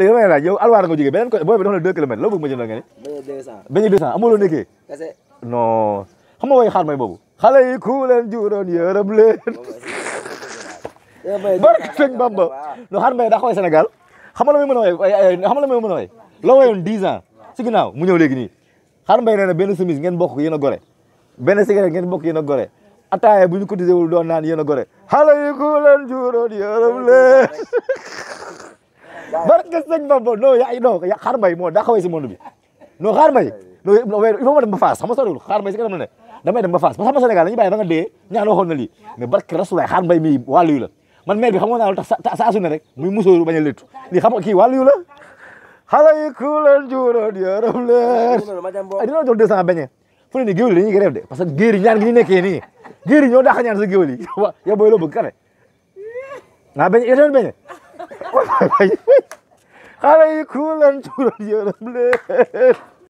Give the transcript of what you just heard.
te yow nag yow alwaar nga jógee beneen côté booy bi dox na deux kilomètres loo bëgg ma jëndal nga ni. benn deux cent benn deux xam nga way xaar may boobu. xale yi ku leen juuroon leen. barke sëñ Bamba no xaar may daa xooy Sénégal la may mën a way xam way loo wayoon ans si ginnaaw mu ñëw léegi nii xaar mbay nee na benn chemise ngeen bokk yéen a gore benn cigarette ngeen bokk yéen a gore ataaya bu ñu cotisé wul doon naan yéen a gore xale yi ku leen juuroon leen barke sëñ Bamba non yaa non xaar mbay moo daa xawee si monde bi non xaar mbay non il faut ma dem ba xam nga soriwul xaar mbay si kanam la ne damay dem ba Fass parce que xam nga Sénégal dañuy bàyyi da nga dee ñaan waxoon na lii mais barke rasulaay xaar mbay mi wàllu yu la man maire bi xam nga naa lu tax saa su ne rek muy musóoru bañ a léttu lii xam nga ah, beñe fu ne nii géwél dañuy grève de parce que géer yi ñaan gi ñu nekkee nii géer yi ñoo daax ñaan sa géwél yi yow booy loo bëgg ah, beñe Kala yi kulan churan yaram le.